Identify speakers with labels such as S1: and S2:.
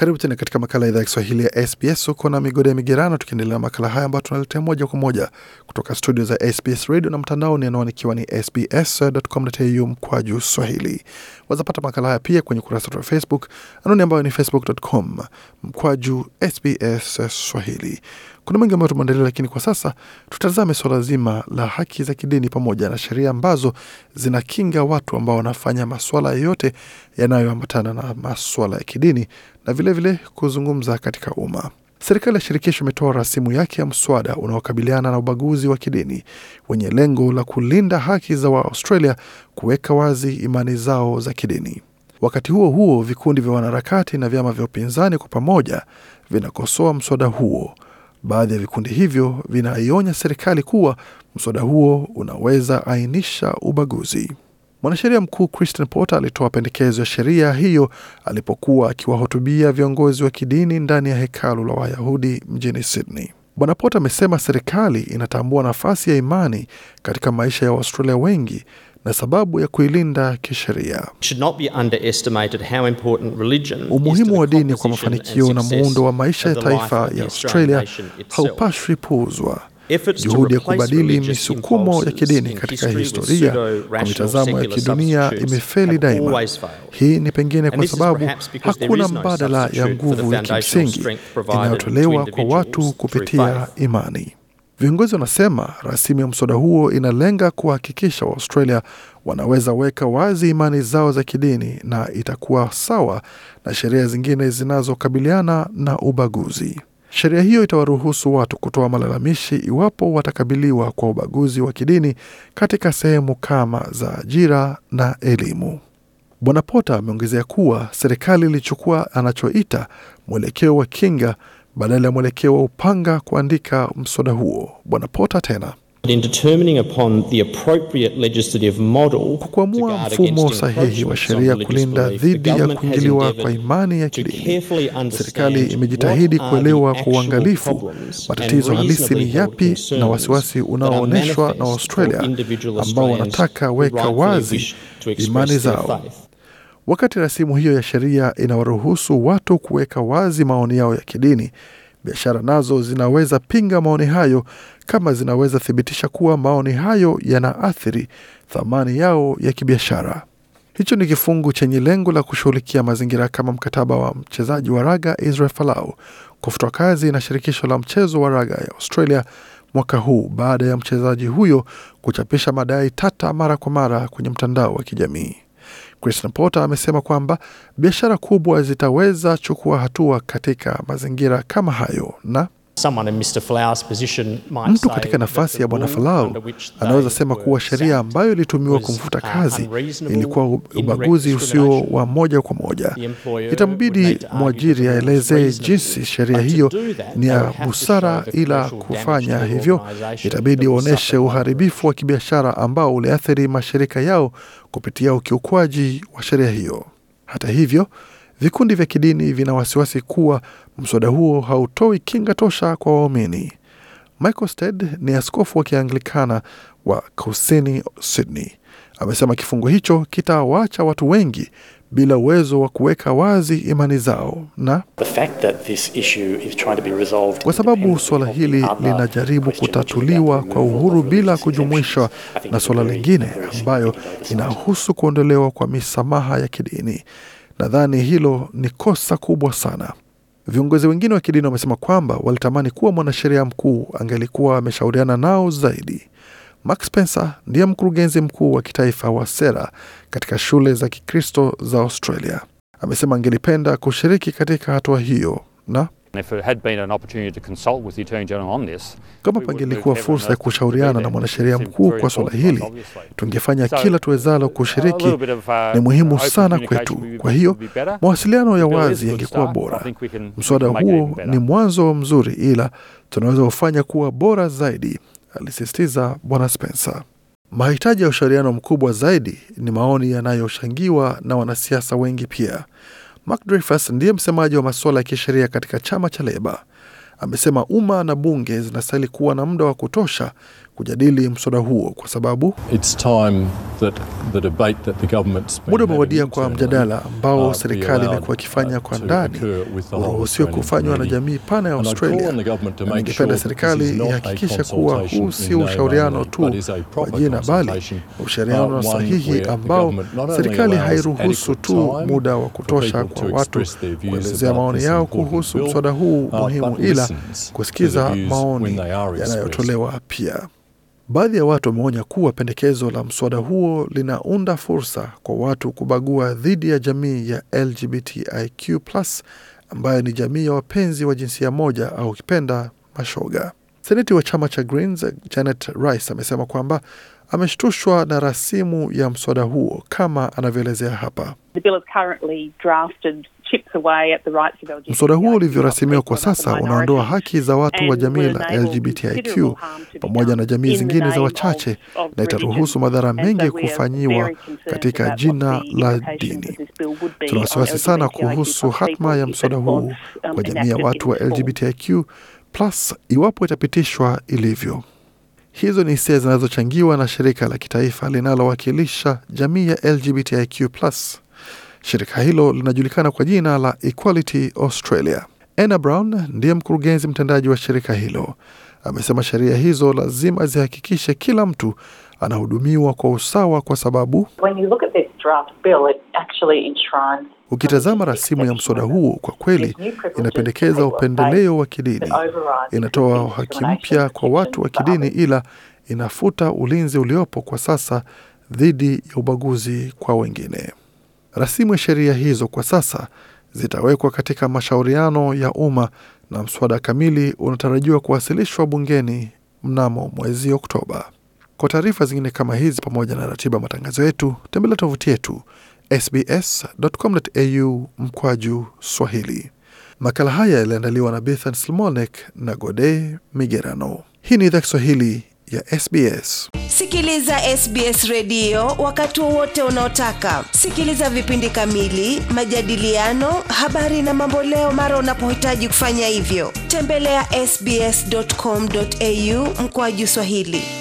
S1: Karibu tena katika makala ya idhaa ya Kiswahili ya SBS. Uko na migodi ya migerano, tukiendelea na makala haya ambayo tunaletea moja kwa moja kutoka studio za SBS radio na mtandao ni anwani ikiwa ni sbs.com.au juu swahili. Wazapata makala haya pia kwenye ukurasa wetu wa Facebook, anwani ambayo ni facebook.com juu sbs swahili. Kuna mengi ambayo tumeandalia, lakini kwa sasa tutazame swala zima la haki za kidini pamoja na sheria ambazo zinakinga watu ambao wanafanya maswala yoyote yanayoambatana na maswala ya kidini na vilevile vile kuzungumza katika umma. Serikali ya shirikisho imetoa rasimu yake ya mswada unaokabiliana na ubaguzi wa kidini wenye lengo la kulinda haki za Waaustralia kuweka wazi imani zao za kidini. Wakati huo huo, vikundi vya wanaharakati na vyama vya upinzani kwa pamoja vinakosoa mswada huo Baadhi ya vikundi hivyo vinaionya serikali kuwa mswada huo unaweza ainisha ubaguzi. Mwanasheria mkuu Christian Porter alitoa pendekezo ya sheria hiyo alipokuwa akiwahutubia viongozi wa kidini ndani ya hekalu la Wayahudi mjini Sydney. Bwana Porter amesema serikali inatambua nafasi ya imani katika maisha ya Waustralia wengi na sababu ya kuilinda kisheria. Umuhimu wa dini kwa mafanikio na muundo wa maisha ya taifa ya Australia haupashwi puuzwa. Juhudi ya kubadili misukumo ya kidini katika historia kwa mitazamo ya kidunia imefeli daima. Hii ni pengine kwa sababu hakuna mbadala ya nguvu ya kimsingi inayotolewa kwa watu kupitia imani. Viongozi wanasema rasimu ya mswada huo inalenga kuhakikisha Waaustralia wanaweza weka wazi imani zao za kidini na itakuwa sawa na sheria zingine zinazokabiliana na ubaguzi. Sheria hiyo itawaruhusu watu kutoa malalamishi iwapo watakabiliwa kwa ubaguzi wa kidini katika sehemu kama za ajira na elimu. Bwana Pota ameongezea kuwa serikali ilichukua anachoita mwelekeo wa kinga badala ya mwelekeo wa upanga kuandika mswada huo. Bwana Pota tena kwa kuamua mfumo sahihi wa sheria kulinda dhidi ya kuingiliwa kwa imani ya kidini, serikali imejitahidi kuelewa kwa uangalifu matatizo halisi ni yapi na wasiwasi unaoonyeshwa na waustralia ambao wanataka weka wazi imani zao Wakati rasimu hiyo ya sheria inawaruhusu watu kuweka wazi maoni yao ya kidini, biashara nazo zinaweza pinga maoni hayo kama zinaweza thibitisha kuwa maoni hayo yanaathiri thamani yao ya kibiashara. Hicho ni kifungu chenye lengo la kushughulikia mazingira kama mkataba wa mchezaji wa raga Israel Folau kufutwa kazi na shirikisho la mchezo wa raga ya Australia mwaka huu baada ya mchezaji huyo kuchapisha madai tata mara kwa mara kwenye mtandao wa kijamii. Christian Porter amesema kwamba biashara kubwa zitaweza chukua hatua katika mazingira kama hayo na Mtu katika nafasi ya Bwana Falau anaweza sema kuwa sheria ambayo ilitumiwa kumfuta uh, kazi ilikuwa ubaguzi usio wa moja kwa moja. Itambidi mwajiri aeleze jinsi sheria hiyo ni ya busara, ila kufanya hivyo itabidi waonyeshe uharibifu wa kibiashara ambao uliathiri mashirika yao kupitia ukiukwaji wa sheria hiyo. Hata hivyo, vikundi vya kidini vina wasiwasi kuwa mswada huo hautoi kinga tosha kwa waumini. Michael Stead ni askofu wa Kianglikana wa kusini Sydney, amesema kifungo hicho kitawaacha watu wengi bila uwezo wa kuweka wazi imani zao, na kwa sababu suala hili linajaribu kutatuliwa kwa uhuru bila kujumuishwa na suala lingine ambayo inahusu kuondolewa kwa misamaha ya kidini. Nadhani hilo ni kosa kubwa sana. Viongozi wengine wa kidini wamesema kwamba walitamani kuwa mwanasheria mkuu angelikuwa ameshauriana nao zaidi. Max Spencer ndiye mkurugenzi mkuu wa kitaifa wa sera katika shule za Kikristo za Australia. Amesema angelipenda kushiriki katika hatua hiyo na
S2: kama pangelikuwa fursa ya
S1: kushauriana na mwanasheria mkuu kwa swala hili, tungefanya kila tuwezalo uh, kushiriki. Uh, ni muhimu sana kwetu, kwa hiyo mawasiliano ya wazi yangekuwa bora. Mswada huo ni mwanzo mzuri, ila tunaweza kufanya kuwa bora zaidi, alisisitiza Bwana Spencer. Mahitaji ya ushauriano mkubwa zaidi ni maoni yanayochangiwa na wanasiasa wengi pia. Mark Dreyfus ndiye msemaji wa masuala ya kisheria katika chama cha Leba amesema umma na bunge zinastahili kuwa na muda wa kutosha kujadili mswada huo kwa sababu muda umewadia kwa mjadala uh, ambao serikali imekuwa ikifanya uh, kwa ndani uruhusiwe kufanywa na jamii pana ya Australia. Ningependa serikali ihakikisha kuwa huu si ushauriano tu wa jina, bali uh, ushauriano sahihi ambao serikali hairuhusu tu muda wa kutosha kwa watu kuelezea maoni yao kuhusu mswada huu muhimu, ila kusikiza maoni yanayotolewa pia. Baadhi ya watu wameonya kuwa pendekezo la mswada huo linaunda fursa kwa watu kubagua dhidi ya jamii ya LGBTIQ+, ambayo ni jamii ya wapenzi wa jinsia moja au ukipenda mashoga. Seneti wa chama cha Greens Janet Rice amesema kwamba ameshtushwa na rasimu ya mswada huo kama anavyoelezea hapa. The bill is currently drafted Mswada huo ulivyorasimiwa kwa sasa unaondoa haki za watu wa jamii la LGBTIQ pamoja na jamii zingine za wachache na itaruhusu madhara mengi kufanyiwa katika jina la dini. Tuna wasiwasi sana kuhusu hatma ya mswada huu um, kwa jamii ya watu wa LGBTIQ plus iwapo itapitishwa ilivyo. Hizo ni hisia zinazochangiwa na shirika la kitaifa linalowakilisha jamii ya LGBTIQ plus Shirika hilo linajulikana kwa jina la Equality Australia. Anna Brown ndiye mkurugenzi mtendaji wa shirika hilo, amesema sheria hizo lazima zihakikishe kila mtu anahudumiwa kwa usawa kwa sababu Ukitazama rasimu ya mswada huo kwa kweli inapendekeza upendeleo wa kidini, inatoa haki mpya kwa watu wa kidini, ila inafuta ulinzi uliopo kwa sasa dhidi ya ubaguzi kwa wengine. Rasimu ya sheria hizo kwa sasa zitawekwa katika mashauriano ya umma na mswada kamili unatarajiwa kuwasilishwa bungeni mnamo mwezi Oktoba. Kwa taarifa zingine kama hizi pamoja na ratiba matangazo yetu, tembelea tovuti yetu sbs.com.au mkwaju Swahili. Makala haya yaliandaliwa na Bethan Slmonek na Gode Migerano. Hii ni idhaa Kiswahili ya SBS. Sikiliza SBS redio wakati wowote unaotaka. Sikiliza vipindi kamili, majadiliano, habari na mamboleo mara unapohitaji kufanya hivyo. Tembelea ya sbs.com.au mkoaji Swahili.